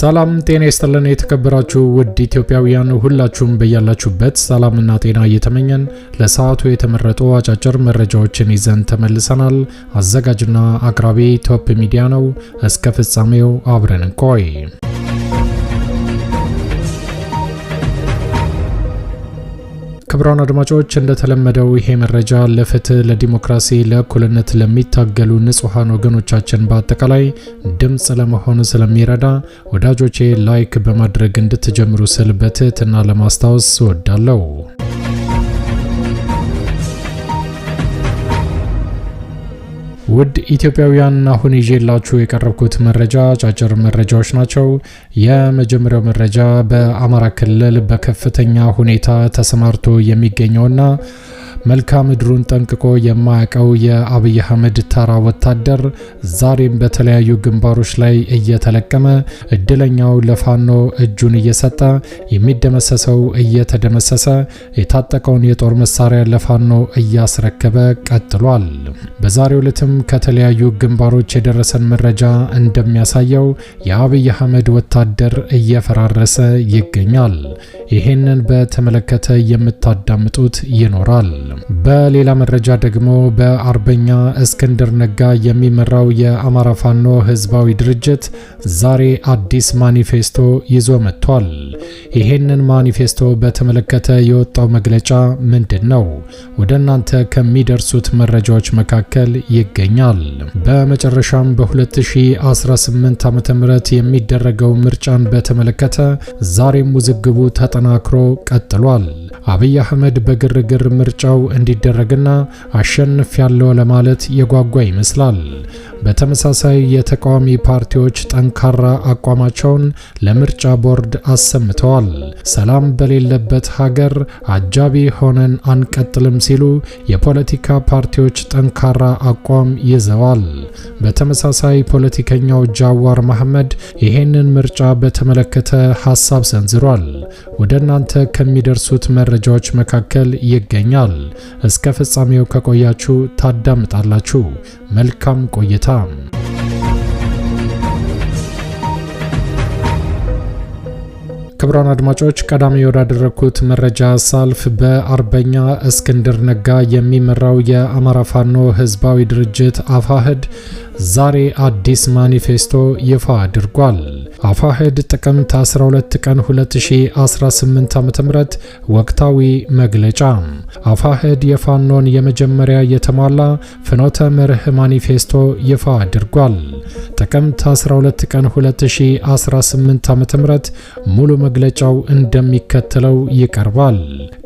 ሰላም ጤና ይስጥልን። የተከበራችሁ ውድ ኢትዮጵያውያን ሁላችሁም በያላችሁበት ሰላምና ጤና እየተመኘን ለሰዓቱ የተመረጡ አጫጭር መረጃዎችን ይዘን ተመልሰናል። አዘጋጅና አቅራቢ ቶፕ ሚዲያ ነው። እስከ ፍጻሜው አብረን እንቆይ። ክቡራን አድማጮች እንደተለመደው ይሄ መረጃ ለፍትህ፣ ለዲሞክራሲ፣ ለእኩልነት ለሚታገሉ ንጹሐን ወገኖቻችን በአጠቃላይ ድምፅ ለመሆን ስለሚረዳ ወዳጆቼ ላይክ በማድረግ እንድትጀምሩ ስል በትህትና ለማስታወስ እወዳለሁ። ውድ ኢትዮጵያውያን አሁን ይዤላችሁ የቀረብኩት መረጃ አጫጭር መረጃዎች ናቸው። የመጀመሪያው መረጃ በአማራ ክልል በከፍተኛ ሁኔታ ተሰማርቶ የሚገኘውና መልካ ምድሩን ጠንቅቆ የማያውቀው የአብይ አህመድ ተራ ወታደር ዛሬም በተለያዩ ግንባሮች ላይ እየተለቀመ እድለኛው ለፋኖ እጁን እየሰጠ የሚደመሰሰው እየተደመሰሰ የታጠቀውን የጦር መሳሪያ ለፋኖ እያስረከበ ቀጥሏል። በዛሬው ዕለትም ከተለያዩ ግንባሮች የደረሰን መረጃ እንደሚያሳየው የአብይ አህመድ ወታደር እየፈራረሰ ይገኛል። ይህንን በተመለከተ የምታዳምጡት ይኖራል። ነው። በሌላ መረጃ ደግሞ በአርበኛ እስክንድር ነጋ የሚመራው የአማራ ፋኖ ህዝባዊ ድርጅት ዛሬ አዲስ ማኒፌስቶ ይዞ መጥቷል። ይሄንን ማኒፌስቶ በተመለከተ የወጣው መግለጫ ምንድን ነው? ወደ እናንተ ከሚደርሱት መረጃዎች መካከል ይገኛል። በመጨረሻም በ2018 ዓ ም የሚደረገው ምርጫን በተመለከተ ዛሬም ውዝግቡ ተጠናክሮ ቀጥሏል። አብይ አህመድ በግርግር ምርጫው እንዲደረግና አሸንፍ ያለው ለማለት የጓጓ ይመስላል። በተመሳሳይ የተቃዋሚ ፓርቲዎች ጠንካራ አቋማቸውን ለምርጫ ቦርድ አሰምተዋል። ሰላም በሌለበት ሀገር አጃቢ ሆነን አንቀጥልም ሲሉ የፖለቲካ ፓርቲዎች ጠንካራ አቋም ይዘዋል። በተመሳሳይ ፖለቲከኛው ጃዋር መሐመድ ይህንን ምርጫ በተመለከተ ሀሳብ ሰንዝሯል። ወደ እናንተ ከሚደርሱት መረጃዎች መካከል ይገኛል። እስከ ፍጻሜው ከቆያችሁ ታዳምጣላችሁ። መልካም ቆይታ ጨዋታ ክቡራን አድማጮች ቀዳሚ ወዳደረግኩት መረጃ ሳልፍ በአርበኛ እስክንድር ነጋ የሚመራው የአማራ ፋኖ ህዝባዊ ድርጅት አፋህድ ዛሬ አዲስ ማኒፌስቶ ይፋ አድርጓል። አፋሕድ ጥቅምት 12 ቀን 2018 ዓ.ም ወቅታዊ መግለጫ አፋሕድ የፋኖን የመጀመሪያ የተሟላ ፍኖተ መርህ ማኒፌስቶ ይፋ አድርጓል። ጥቅምት 12 ቀን 2018 ዓ.ም ሙሉ መግለጫው እንደሚከተለው ይቀርባል።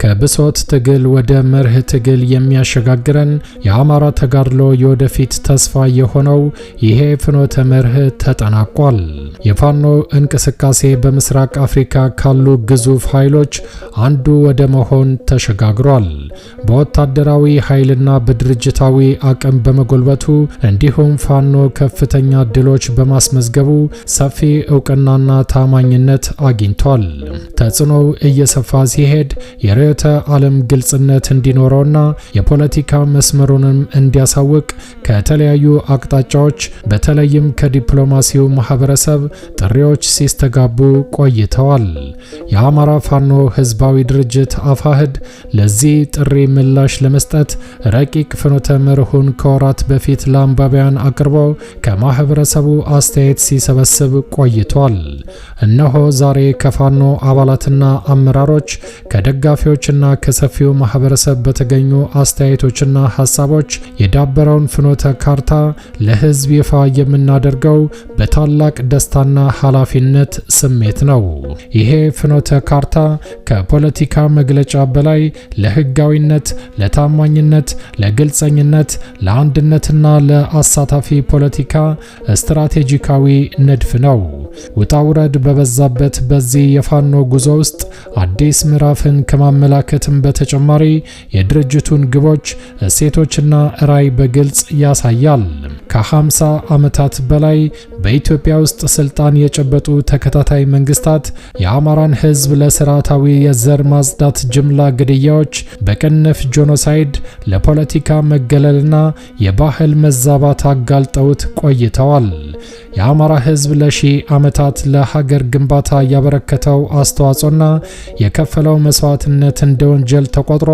ከብሶት ትግል ወደ መርህ ትግል የሚያሸጋግረን የአማራ ተጋድሎ የወደፊት ተስፋ የሆነው ይሄ ፍኖተ መርህ ተጠናቋል። የፋኖ የሆነው እንቅስቃሴ በምስራቅ አፍሪካ ካሉ ግዙፍ ኃይሎች አንዱ ወደ መሆን ተሸጋግሯል። በወታደራዊ ኃይልና በድርጅታዊ አቅም በመጎልበቱ እንዲሁም ፋኖ ከፍተኛ ድሎች በማስመዝገቡ ሰፊ እውቅናና ታማኝነት አግኝቷል። ተጽዕኖው እየሰፋ ሲሄድ የርዕዮተ ዓለም ግልጽነት እንዲኖረውና የፖለቲካ መስመሩንም እንዲያሳውቅ ከተለያዩ አቅጣጫዎች በተለይም ከዲፕሎማሲው ማህበረሰብ ጥሪ መሪዎች ሲስተጋቡ ቆይተዋል። የአማራ ፋኖ ህዝባዊ ድርጅት አፋህድ ለዚህ ጥሪ ምላሽ ለመስጠት ረቂቅ ፍኖተ መርሁን ከወራት በፊት ለአንባቢያን አቅርቦ ከማህበረሰቡ አስተያየት ሲሰበስብ ቆይቷል። እነሆ ዛሬ ከፋኖ አባላትና አመራሮች ከደጋፊዎችና ከሰፊው ማህበረሰብ በተገኙ አስተያየቶችና ሀሳቦች የዳበረውን ፍኖተ ካርታ ለህዝብ ይፋ የምናደርገው በታላቅ ደስታና ኃላፊነት ስሜት ነው። ይሄ ፍኖተ ካርታ ከፖለቲካ መግለጫ በላይ ለህጋዊነት፣ ለታማኝነት፣ ለግልጸኝነት፣ ለአንድነትና ለአሳታፊ ፖለቲካ ስትራቴጂካዊ ንድፍ ነው። ውጣ ውረድ በበዛበት በዚህ የፋኖ ጉዞ ውስጥ አዲስ ምዕራፍን ከማመላከትም በተጨማሪ የድርጅቱን ግቦች፣ እሴቶችና ራዕይ በግልጽ ያሳያል። ከ50 ዓመታት በላይ በኢትዮጵያ ውስጥ ስልጣን የጨበጡ ተከታታይ መንግስታት የአማራን ህዝብ ለስርዓታዊ የዘር ማጽዳት ጅምላ ግድያዎች፣ በቅንፍ ጆኖሳይድ፣ ለፖለቲካ መገለልና የባህል መዛባት አጋልጠውት ቆይተዋል። የአማራ ሕዝብ ለሺህ ዓመታት ለሀገር ግንባታ ያበረከተው አስተዋጽኦና የከፈለው መስዋዕትነት እንደ ወንጀል ተቆጥሮ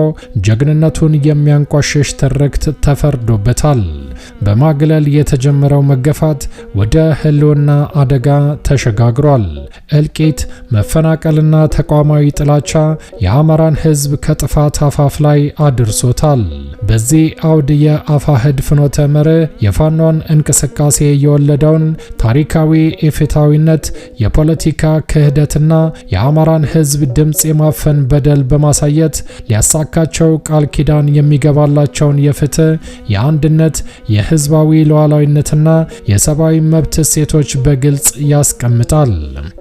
ጀግንነቱን የሚያንቋሽሽ ትርክት ተፈርዶበታል። በማግለል የተጀመረው መገፋት ወደ ህልውና አደጋ ተሸጋግሯል። እልቂት፣ መፈናቀልና ተቋማዊ ጥላቻ የአማራን ሕዝብ ከጥፋት አፋፍ ላይ አድርሶታል። በዚህ አውድ የአፋህድ ፍኖተ መርህ የፋኖን እንቅስቃሴ የወለደውን ታሪካዊ ኢፍትሐዊነት፣ የፖለቲካ ክህደትና የአማራን ህዝብ ድምፅ የማፈን በደል በማሳየት ሊያሳካቸው ቃል ኪዳን የሚገባላቸውን የፍትህ፣ የአንድነት፣ የህዝባዊ ሉዓላዊነትና የሰብአዊ መብት እሴቶች በግልጽ ያስቀምጣል።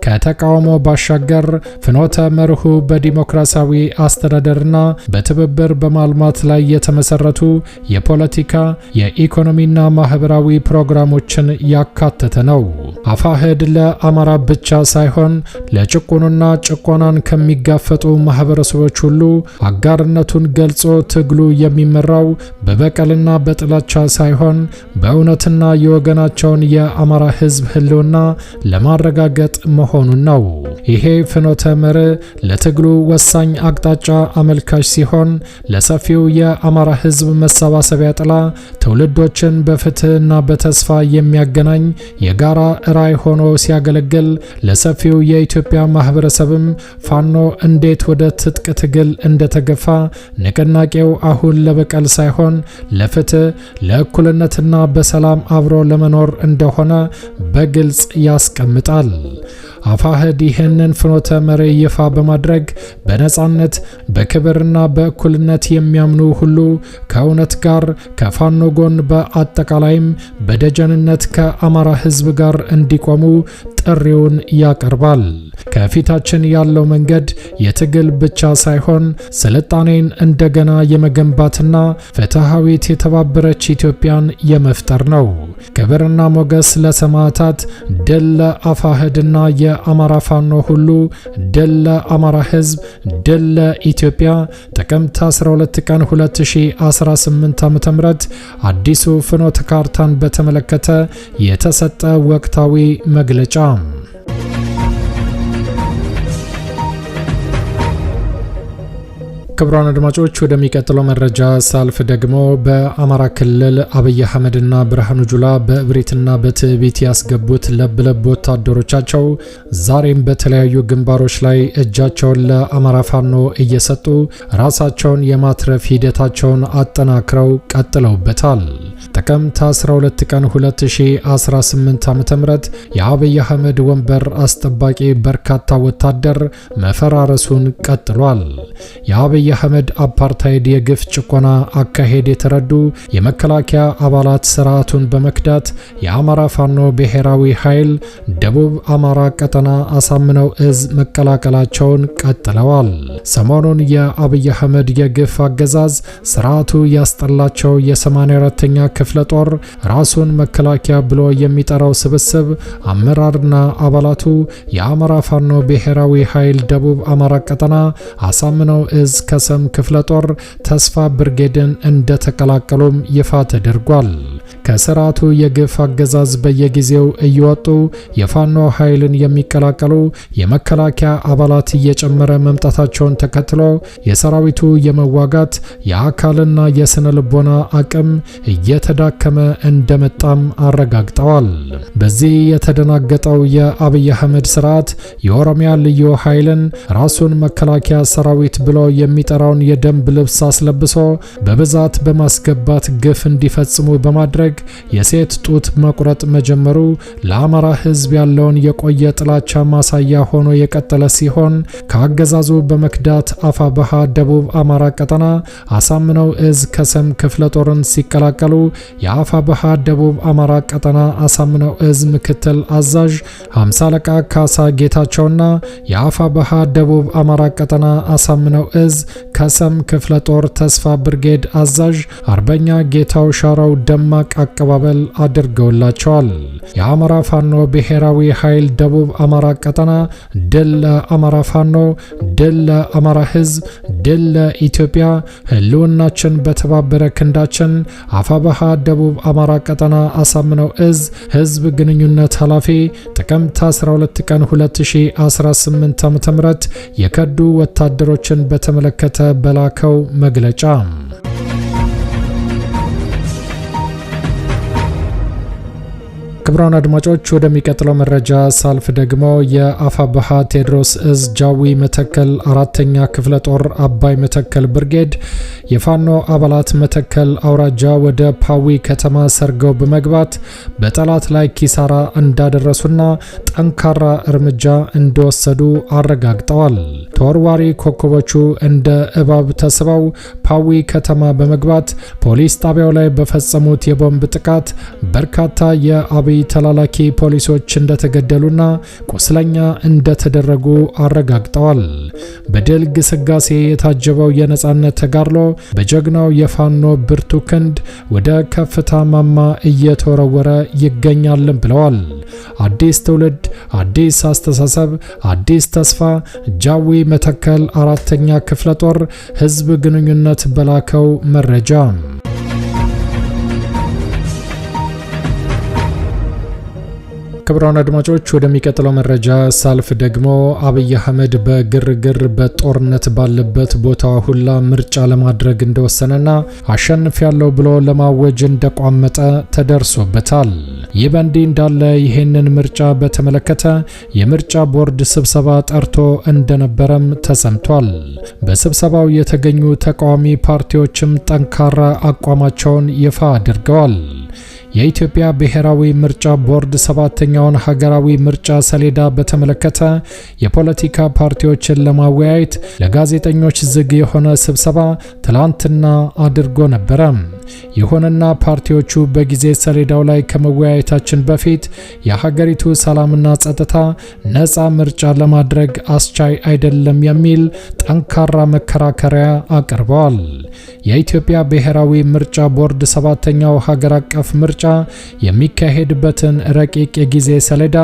ከተቃውሞ ባሻገር ፍኖተ መርሁ በዲሞክራሲያዊ አስተዳደርና በትብብር በማልማት ላይ የተመሰረቱ የፖለቲካ የኢኮኖሚና ማህበራዊ ፕሮግራሞችን ያካተተ ነው። አፋህድ ለአማራ ብቻ ሳይሆን ለጭቁኑና ጭቆናን ከሚጋፈጡ ማህበረሰቦች ሁሉ አጋርነቱን ገልጾ ትግሉ የሚመራው በበቀልና በጥላቻ ሳይሆን በእውነትና የወገናቸውን የአማራ ህዝብ ህልውና ለማረጋገጥ መሆኑን ነው። ይሄ ፍኖተ መርህ ለትግሉ ወሳኝ አቅጣጫ አመልካች ሲሆን ለሰፊው የአማራ ህዝብ መሰባሰቢያ ጥላ ትውልዶችን በፍትህና በተስፋ የሚያገናኝ የጋራ ራዕይ ሆኖ ሲያገለግል ለሰፊው የኢትዮጵያ ማህበረሰብም ፋኖ እንዴት ወደ ትጥቅ ትግል እንደተገፋ ንቅናቄው አሁን ለበቀል ሳይሆን ለፍትህ፣ ለእኩልነትና በሰላም አብሮ ለመኖር እንደሆነ በግልጽ ያስቀምጣል። አፋህድ ይህንን ፍኖተ መርህ ይፋ በማድረግ በነፃነት በክብርና በእኩልነት የሚያምኑ ሁሉ ከእውነት ጋር ከፋኖ ጎን በአጠቃላይም በደጀንነት ከአማራ ህዝብ ጋር እንዲቆሙ ጥሪውን ያቀርባል። ከፊታችን ያለው መንገድ የትግል ብቻ ሳይሆን ስልጣኔን እንደገና የመገንባትና ፍትሐዊት የተባበረች ኢትዮጵያን የመፍጠር ነው። ክብርና ሞገስ ለሰማዕታት፣ ድል ለአፋህድና የ የአማራ ፋኖ ሁሉ ድል ለአማራ ህዝብ፣ ድል ለኢትዮጵያ። ጥቅምት 12 ቀን 2018 ም አዲሱ ፍኖተ ካርታን በተመለከተ የተሰጠ ወቅታዊ መግለጫ ክቡራን አድማጮች ወደሚቀጥለው መረጃ ሳልፍ ደግሞ በአማራ ክልል አብይ አህመድና ብርሃኑ ጁላ በእብሪትና በትዕቢት ያስገቡት ለብለብ ወታደሮቻቸው ዛሬም በተለያዩ ግንባሮች ላይ እጃቸውን ለአማራ ፋኖ እየሰጡ ራሳቸውን የማትረፍ ሂደታቸውን አጠናክረው ቀጥለውበታል። ጥቅምት 12 ቀን 2018 ዓ ም የአብይ አህመድ ወንበር አስጠባቂ በርካታ ወታደር መፈራረሱን ቀጥሏል። የአብይ የአህመድ አፓርታይድ የግፍ ጭቆና አካሄድ የተረዱ የመከላከያ አባላት ስርዓቱን በመክዳት የአማራ ፋኖ ብሔራዊ ኃይል ደቡብ አማራ ቀጠና አሳምነው እዝ መቀላቀላቸውን ቀጥለዋል። ሰሞኑን የአብይ አህመድ የግፍ አገዛዝ ስርዓቱ ያስጠላቸው የ84ኛ ክፍለ ጦር ራሱን መከላከያ ብሎ የሚጠራው ስብስብ አመራርና አባላቱ የአማራ ፋኖ ብሔራዊ ኃይል ደቡብ አማራ ቀጠና አሳምነው እዝ ከሰም ክፍለ ጦር ተስፋ ብርጌድን እንደተቀላቀሉም ይፋ ተደርጓል። ከስርዓቱ የግፍ አገዛዝ በየጊዜው እየወጡ የፋኖ ኃይልን የሚቀላቀሉ የመከላከያ አባላት እየጨመረ መምጣታቸውን ተከትሎ የሰራዊቱ የመዋጋት የአካልና የስነ ልቦና አቅም እየተዳከመ እንደመጣም አረጋግጠዋል። በዚህ የተደናገጠው የአብይ አህመድ ስርዓት የኦሮሚያ ልዩ ኃይልን ራሱን መከላከያ ሰራዊት ብሎ የሚጠራውን የደንብ ልብስ አስለብሶ በብዛት በማስገባት ግፍ እንዲፈጽሙ በማድረግ በማድረግ የሴት ጡት መቁረጥ መጀመሩ ለአማራ ሕዝብ ያለውን የቆየ ጥላቻ ማሳያ ሆኖ የቀጠለ ሲሆን ከአገዛዙ በመክዳት አፋበሃ ደቡብ አማራ ቀጠና አሳምነው እዝ ከሰም ክፍለ ጦርን ሲቀላቀሉ የአፋበሃ ደቡብ አማራ ቀጠና አሳምነው እዝ ምክትል አዛዥ ሃምሳ አለቃ ካሳ ጌታቸውና የአፋበሃ ደቡብ አማራ ቀጠና አሳምነው እዝ ከሰም ክፍለ ጦር ተስፋ ብርጌድ አዛዥ አርበኛ ጌታው ሻራው ደማቅ አቀባበል አድርገውላቸዋል። የአማራ ፋኖ ብሔራዊ ኃይል ደቡብ አማራ ቀጠና ድል ለአማራ ፋኖ፣ ድል ለአማራ ሕዝብ፣ ድል ለኢትዮጵያ፣ ህልውናችን በተባበረ ክንዳችን። አፋበሃ ደቡብ አማራ ቀጠና አሳምነው እዝ ህዝብ ግንኙነት ኃላፊ ጥቅምት 12 ቀን 2018 ዓ.ም የከዱ ወታደሮችን በተመለከተ በላከው መግለጫ ክቡራን አድማጮች ወደሚቀጥለው መረጃ ሳልፍ ደግሞ የአፋብሃ ቴዎድሮስ እዝ ጃዊ መተከል አራተኛ ክፍለ ጦር አባይ መተከል ብርጌድ የፋኖ አባላት መተከል አውራጃ ወደ ፓዊ ከተማ ሰርገው በመግባት በጠላት ላይ ኪሳራ እንዳደረሱና ጠንካራ እርምጃ እንደወሰዱ አረጋግጠዋል። ተወርዋሪ ኮከቦቹ እንደ እባብ ተስበው ፓዊ ከተማ በመግባት ፖሊስ ጣቢያው ላይ በፈጸሙት የቦምብ ጥቃት በርካታ የአብይ ተላላኪ ፖሊሶች እንደተገደሉና ቁስለኛ እንደተደረጉ አረጋግጠዋል። በድል ግስጋሴ የታጀበው የነፃነት ተጋድሎ በጀግናው የፋኖ ብርቱ ክንድ ወደ ከፍታ ማማ እየተወረወረ ይገኛልም ብለዋል። አዲስ ትውልድ፣ አዲስ አስተሳሰብ፣ አዲስ ተስፋ። ጃዊ መተከል አራተኛ ክፍለ ጦር ህዝብ ግንኙነት በላከው መረጃ ክብራን አድማጮች ወደሚቀጥለው መረጃ ሳልፍ ደግሞ አብይ አህመድ በግርግር በጦርነት ባለበት ቦታ ሁላ ምርጫ ለማድረግ እንደወሰነና አሸንፍ ያለው ብሎ ለማወጅ እንደቋመጠ ተደርሶበታል። ይህ በእንዲህ እንዳለ ይህንን ምርጫ በተመለከተ የምርጫ ቦርድ ስብሰባ ጠርቶ እንደነበረም ተሰምቷል። በስብሰባው የተገኙ ተቃዋሚ ፓርቲዎችም ጠንካራ አቋማቸውን ይፋ አድርገዋል። የኢትዮጵያ ብሔራዊ ምርጫ ቦርድ ሰባተኛውን ሀገራዊ ምርጫ ሰሌዳ በተመለከተ የፖለቲካ ፓርቲዎችን ለማወያየት ለጋዜጠኞች ዝግ የሆነ ስብሰባ ትላንትና አድርጎ ነበረ። ይሁንና ፓርቲዎቹ በጊዜ ሰሌዳው ላይ ከመወያየታችን በፊት የሀገሪቱ ሰላምና ጸጥታ ነፃ ምርጫ ለማድረግ አስቻይ አይደለም የሚል ጠንካራ መከራከሪያ አቅርበዋል። የኢትዮጵያ ብሔራዊ ምርጫ ቦርድ ሰባተኛው ሀገር አቀፍ ምርጫ ምርጫ የሚካሄድበትን ረቂቅ የጊዜ ሰሌዳ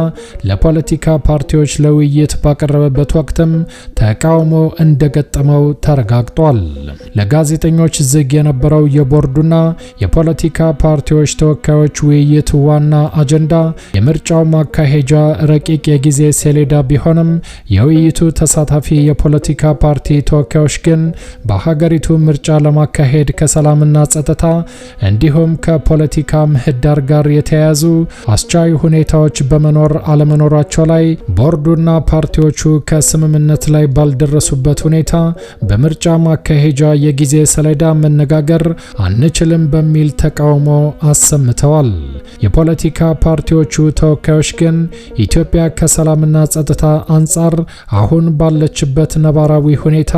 ለፖለቲካ ፓርቲዎች ለውይይት ባቀረበበት ወቅትም ተቃውሞ እንደገጠመው ተረጋግጧል። ለጋዜጠኞች ዝግ የነበረው የቦርዱና የፖለቲካ ፓርቲዎች ተወካዮች ውይይት ዋና አጀንዳ የምርጫው ማካሄጃ ረቂቅ የጊዜ ሰሌዳ ቢሆንም የውይይቱ ተሳታፊ የፖለቲካ ፓርቲ ተወካዮች ግን በሀገሪቱ ምርጫ ለማካሄድ ከሰላምና ጸጥታ እንዲሁም ከፖለቲካ ምህ ምህዳር ጋር የተያያዙ አስቻይ ሁኔታዎች በመኖር አለመኖራቸው ላይ ቦርዱና ፓርቲዎቹ ከስምምነት ላይ ባልደረሱበት ሁኔታ በምርጫ ማካሄጃ የጊዜ ሰሌዳ መነጋገር አንችልም በሚል ተቃውሞ አሰምተዋል። የፖለቲካ ፓርቲዎቹ ተወካዮች ግን ኢትዮጵያ ከሰላምና ጸጥታ አንጻር አሁን ባለችበት ነባራዊ ሁኔታ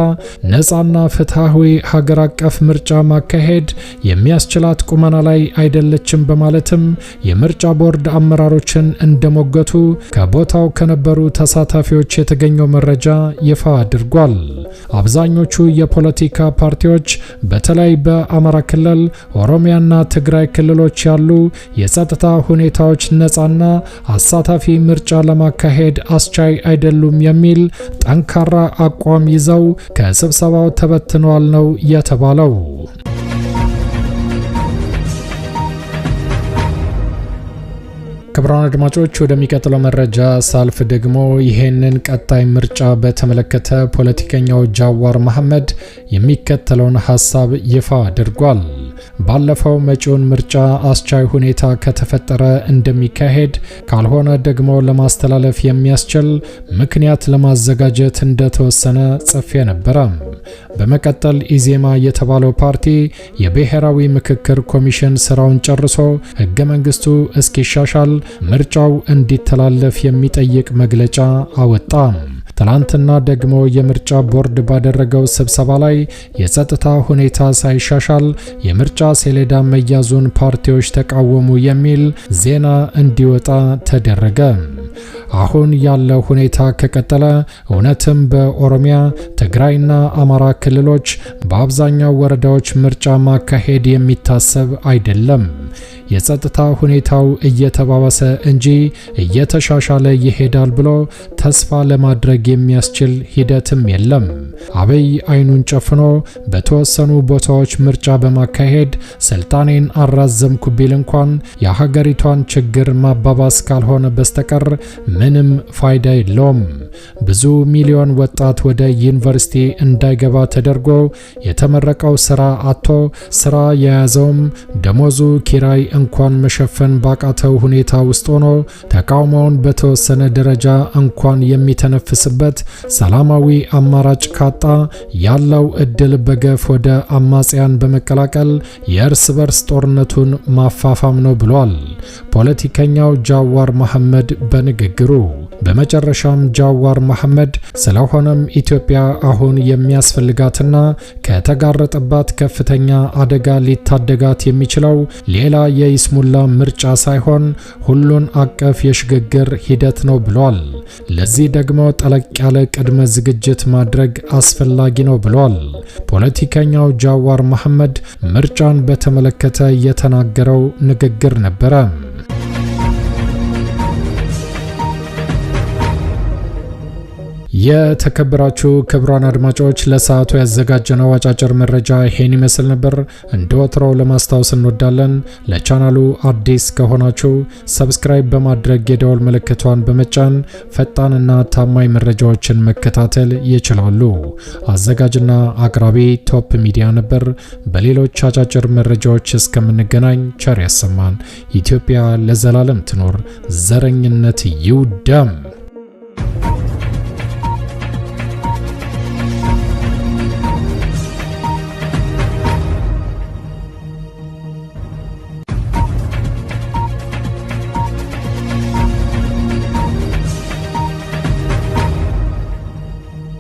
ነፃና ፍትሐዊ ሀገር አቀፍ ምርጫ ማካሄድ የሚያስችላት ቁመና ላይ አይደለችም በ በማለትም የምርጫ ቦርድ አመራሮችን እንደሞገቱ ከቦታው ከነበሩ ተሳታፊዎች የተገኘው መረጃ ይፋ አድርጓል። አብዛኞቹ የፖለቲካ ፓርቲዎች በተለይ በአማራ ክልል፣ ኦሮሚያና ትግራይ ክልሎች ያሉ የጸጥታ ሁኔታዎች ነፃና አሳታፊ ምርጫ ለማካሄድ አስቻይ አይደሉም የሚል ጠንካራ አቋም ይዘው ከስብሰባው ተበትኗል ነው የተባለው። ክቡራን አድማጮች ወደሚቀጥለው መረጃ ሳልፍ ደግሞ ይሄንን ቀጣይ ምርጫ በተመለከተ ፖለቲከኛው ጃዋር መሐመድ የሚከተለውን ሀሳብ ይፋ አድርጓል። ባለፈው መጪውን ምርጫ አስቻይ ሁኔታ ከተፈጠረ እንደሚካሄድ ካልሆነ ደግሞ ለማስተላለፍ የሚያስችል ምክንያት ለማዘጋጀት እንደተወሰነ ጽፌ ነበረ። በመቀጠል ኢዜማ የተባለው ፓርቲ የብሔራዊ ምክክር ኮሚሽን ስራውን ጨርሶ ህገ መንግስቱ እስኪሻሻል ምርጫው እንዲተላለፍ የሚጠይቅ መግለጫ አወጣ። ትላንትና ደግሞ የምርጫ ቦርድ ባደረገው ስብሰባ ላይ የጸጥታ ሁኔታ ሳይሻሻል የምርጫ ሰሌዳ መያዙን ፓርቲዎች ተቃወሙ የሚል ዜና እንዲወጣ ተደረገ። አሁን ያለው ሁኔታ ከቀጠለ እውነትም በኦሮሚያ ትግራይና አማራ ክልሎች በአብዛኛው ወረዳዎች ምርጫ ማካሄድ የሚታሰብ አይደለም። የጸጥታ ሁኔታው እየተባባሰ እንጂ እየተሻሻለ ይሄዳል ብሎ ተስፋ ለማድረግ የሚያስችል ሂደትም የለም። አብይ አይኑን ጨፍኖ በተወሰኑ ቦታዎች ምርጫ በማካሄድ ስልጣኔን አራዘምኩ ቢል እንኳን የሀገሪቷን ችግር ማባባስ ካልሆነ በስተቀር ምንም ፋይዳ የለውም። ብዙ ሚሊዮን ወጣት ወደ ዩኒቨርሲቲ እንዳይገባ ተደርጎ የተመረቀው ስራ አቶ ስራ የያዘውም ደሞዙ ኪራይ እንኳን መሸፈን ባቃተው ሁኔታ ውስጥ ሆኖ ተቃውሞውን በተወሰነ ደረጃ እንኳን የሚተነፍስበት ሰላማዊ አማራጭ ካጣ ያለው እድል በገፍ ወደ አማጽያን በመቀላቀል የእርስ በርስ ጦርነቱን ማፋፋም ነው ብሏል። ፖለቲከኛው ጃዋር መሐመድ በን ንግግሩ። በመጨረሻም ጃዋር መሐመድ ስለሆነም ኢትዮጵያ አሁን የሚያስፈልጋትና ከተጋረጠባት ከፍተኛ አደጋ ሊታደጋት የሚችለው ሌላ የይስሙላ ምርጫ ሳይሆን ሁሉን አቀፍ የሽግግር ሂደት ነው ብሏል። ለዚህ ደግሞ ጠለቅ ያለ ቅድመ ዝግጅት ማድረግ አስፈላጊ ነው ብሏል። ፖለቲከኛው ጃዋር መሐመድ ምርጫን በተመለከተ የተናገረው ንግግር ነበረ። የተከበራችሁ ክቡራን አድማጮች ለሰዓቱ ያዘጋጀነው አጫጭር መረጃ ይሄን ይመስል ነበር። እንደ ወትሮው ለማስታወስ እንወዳለን ለቻናሉ አዲስ ከሆናችሁ ሰብስክራይብ በማድረግ የደወል ምልክቷን በመጫን ፈጣንና ታማኝ መረጃዎችን መከታተል ይችላሉ። አዘጋጅና አቅራቢ ቶፕ ሚዲያ ነበር። በሌሎች አጫጭር መረጃዎች እስከምንገናኝ ቸር ያሰማን። ኢትዮጵያ ለዘላለም ትኖር። ዘረኝነት ይውደም።